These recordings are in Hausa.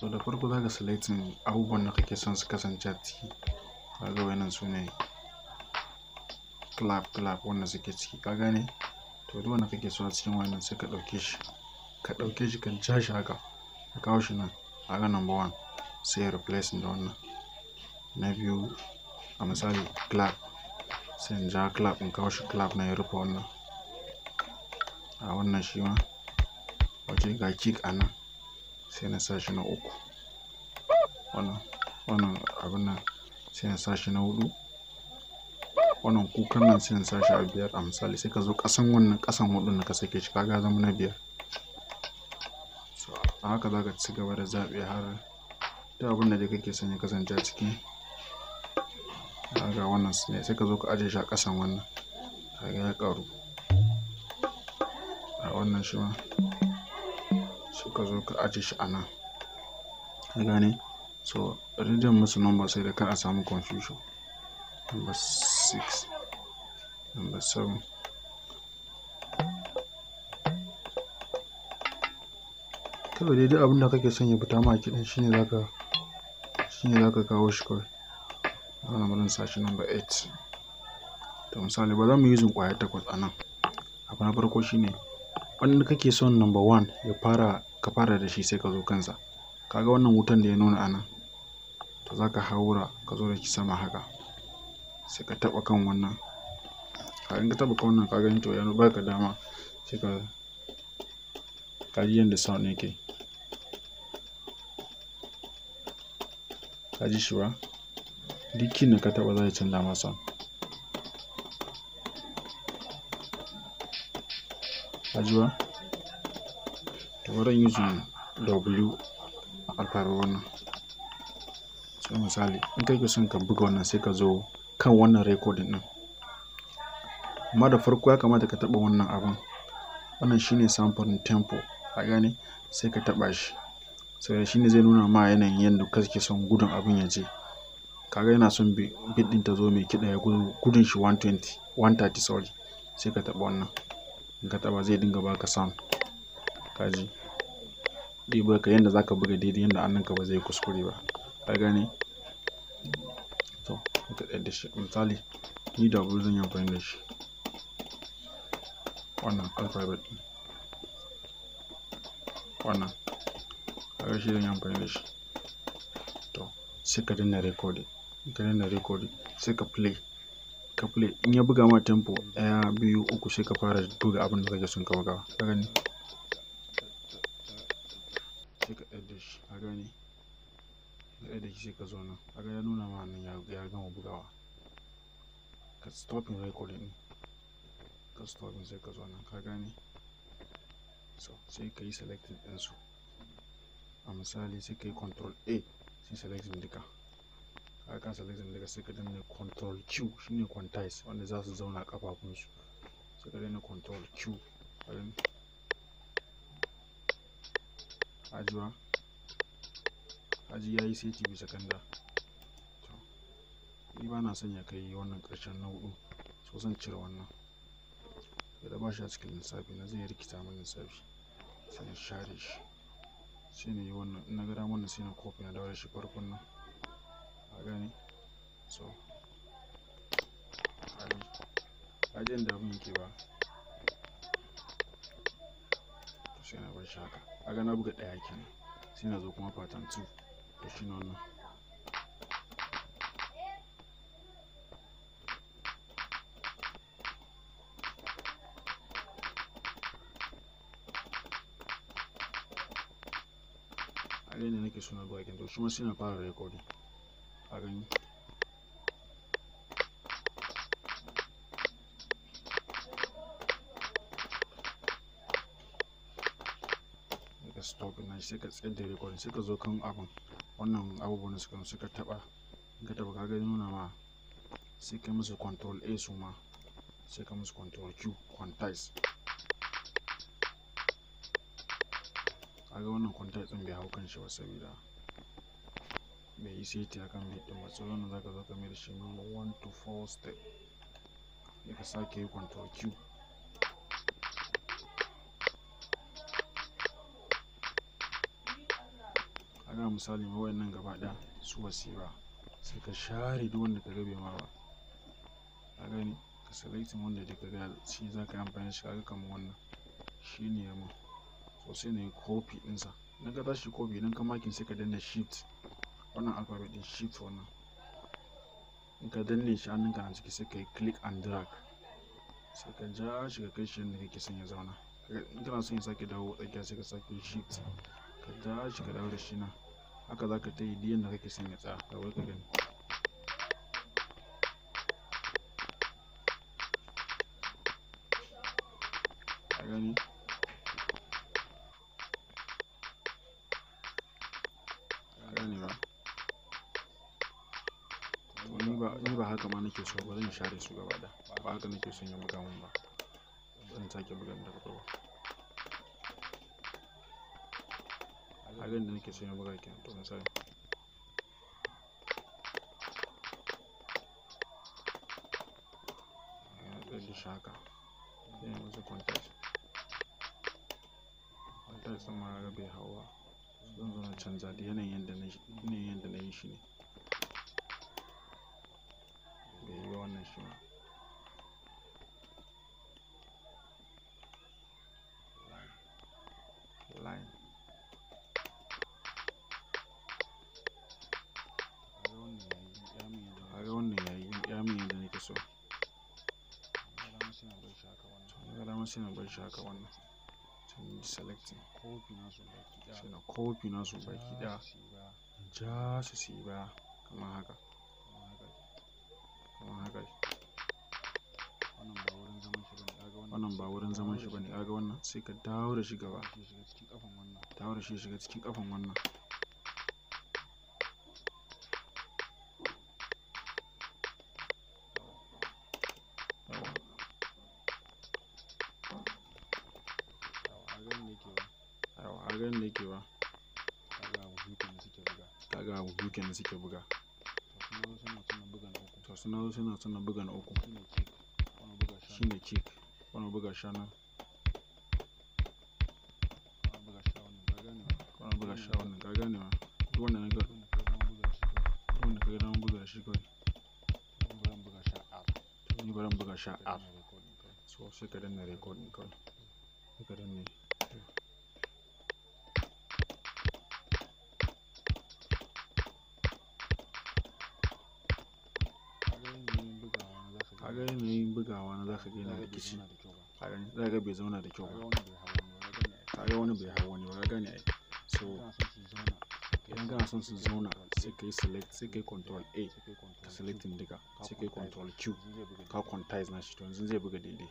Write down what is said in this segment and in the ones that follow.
so da farko za ka selectin abubuwan da kake son su kasance a ciki kaga wayannan su ne clap clap wanda suke ciki ka gane to duk wanda kake so a cikin wayannan sai ka ɗauke shi ka ɗauke shi ka ja shi haka ka kawo shi nan ga number one sai ya replace da wannan na biyu a misali clap sai in ja clap in kawo shi clap na ya rufe wannan a wannan shi ma waje ga kick a nan sai na sa shi na uku wannan wannan abin nan sai na sa shi na hudu wannan kukan nan sai na sa shi a biyar a misali sai ka zo ƙasan wannan ƙasan hudun na ka sake shi kaga zama na biyar so a haka za ka ci gaba da zaɓe har duk abin da dai kake son ya kasance a ciki ga wannan ne sai ka zo ka ajiye shi a ƙasan wannan kaga ya ƙaru a wannan shi ma suka zo ka ajiye shi a nan ka gane so rijin musu number sai da kar a samu confusion number 6 number 7 kawai dai duk abinda kake son ya fita ma kiɗan shine zaka shine zaka kawo shi kawai ana murin sashi number 8 to misali ba za mu yi zin kwaya takwas a nan abu na farko shine wanda kake son number 1 ya fara ka fara da shi sai ka zo kansa kaga wannan wutan da ya nuna ana to za ka haura ka zo da shi sama haka sai ka taɓa kan wannan in ka taɓa kan wannan ka gani to ya baka dama sai ka ka ji yadda sound yake ka ji shi ba duk kin da ka taɓa za ya canza ma sound ka ji ba to bari using w a wannan so misali in kake son ka buga wannan sai ka zo kan wannan recording din amma da farko ya kamata ka taba wannan abin wannan shine samfurin tempo a gane sai ka taɓa shi shi shine zai nuna ma yanayin yadda kake son gudun abin ya je kaga yana son bit din ta zo mai kida ya gudun shi 120 130 sorry sai ka taɓa wannan in ka taɓa zai dinga baka sound kaji ribar ka yadda zaka buga daidai yadda hannunka ba zai kuskure ba ka gane to ka ɗaya da shi misali ni da abu zan yi amfani da shi wannan alfabet ɗin wannan kaga shi zan yi amfani da shi to sai ka danna recording ka danna recording sai ka play ka play in ya buga ma tempo ɗaya biyu uku sai ka fara buga abin da kake son ka buga ka gani sai ka tsayar shi ka gane ka tsayar shi sai ka zo nan ka ga ya nuna ma nan ya gama bugawa ka stopping recording ɗin ka stopping sai ka zo nan ka gane so sai ka yi selecting su a misali sai ka yi control a sai selecting duka ka ka selecting duka sai ka danna control q shine quantize wanda za su zauna kafafunsu sai ka danna control q ajiwa haji ya yi seti bisa kanda ni ba na son ya kai wannan ƙarshen na hudu so zan cire wannan da ba shi a cikin lissafi na zai rikita min lissafi sai na share shi sai na yi wannan na gara wannan sai na kofi na daura shi farkon nan a gane so a jin da abin ke ba sai na bar shi haka kaga na buga ɗaya kenan sai na zo kuma fatan 2 to shine nan a ne nake suna bakin to shi ma sai na fara recording a gani stop na shi sai ka da recording suka ka zo kan abun wannan abubuwan da suka suka taba ka taba ka gani nuna ma sai ka musu control a su ma sai ka musu control q quantize kaga wannan quantize din bai hau kan shi ba saboda bai yi seti akan kan din ba sai wannan zaka zo ka mai da shi 1 to 4 step sai ka sake yi control q kana misali ma nan gaba ɗaya su wasi ba sai ka share duk wanda ka rabe ma ba a gani ka selectin wanda da ka ga shi za ka yi amfani shi ka kama wannan shi ne ya ma so sai na yi copy ɗinsa idan ka tashi copy idan ka makin sai ka danna shift wannan alphabet ɗin shift wannan in ka danne shi ka na ciki sai ka yi click and drag sai ka ja shi ka kai shi yadda kake son ya zauna in kana son ya sake dawo tsakiya sai ka sake shift ka ja shi ka dawo da shi na haka za ka ta yi duk yadda kake son ya tsaya ka wai ka gani gani gani ba ni ba haka ma nake so ba zan share su gaba da ba haka nake son ya buga mun ba zan sake buga mun daga farko abin da nake son ya buga kenan to misali da shi haka sai ya musu context context sun mara rabe hawa zan zo na canza da yanayin yadda na yi shi ne bai yi wa wannan shi ma sai na bar shi haka wannan sai na selecting sai na copy nasu baki ɗaya ja su su yi baya kamar haka kamar haka wannan ba wurin zaman shi bane kaga wannan sai ka dawo da shi gaba dawo da shi shiga cikin kafan wannan daga hudu kenan suke buga to suna wasu na suna buga na uku shine kick wani buga shanu wani buga sha wannan ka gane ma duk wanda ga wanda ka ga buga shi kawai ni baran buga sha r so sai ka danna recording kawai sai ka danna rikici za ga bai zauna da kyau ba ka ga wani bai hau wani ba gane ai so idan kana son su zauna sai kai select sai kai control a ka selecting duka sai kai control q ka quantize na shi to yanzu zai buga daidai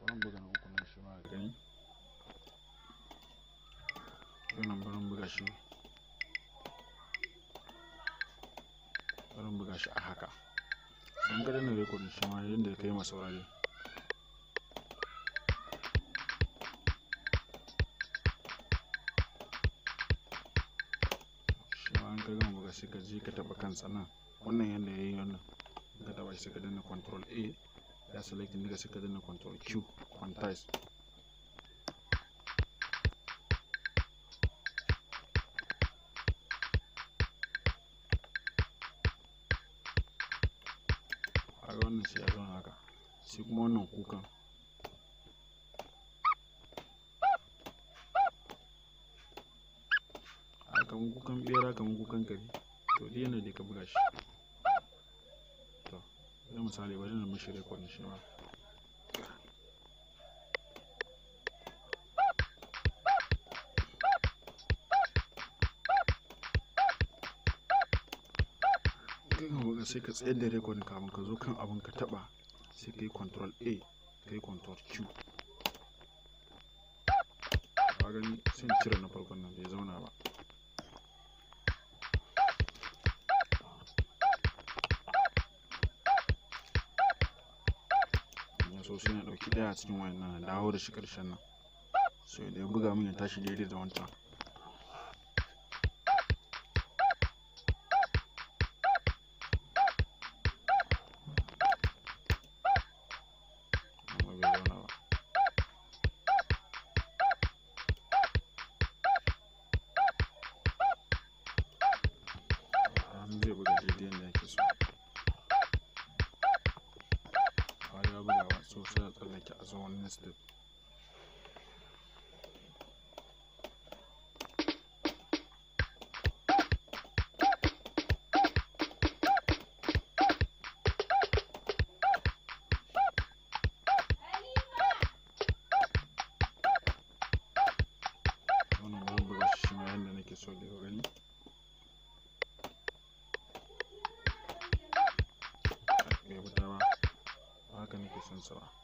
wannan buga na uku ne shi ma gani wannan barin buga shi barin buga shi a haka in ka danna rekodin shi ma yadda ya kai ma shi masaurare ka gama buga sai ka je ka taba kansa nan wannan yadda ya yi wannan ka taba shi sai ka danna control a ya select ne ka sai ka danna control q quantize sai kuma wannan kukan a kan kukan bera kan kukan kare to dai yana da ka buga shi to zai misali bari na mashi rekodin shi ma sai ka tsayar da rekodin kamun ka zo kan abin ka taba sai kai control a kai control q ka gani sai cire na farkon nan bai zauna ba so sosai na ɗauki ɗaya cikin wayannan na dawo da shi karshen nan so idan ya buga min ya tashi daidai da wancan Neyse. Haka nake son sa b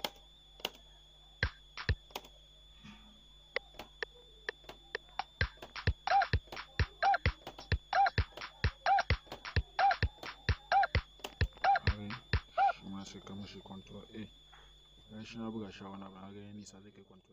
gashi na buga shi a wani abu ga nisa zai kai kwanto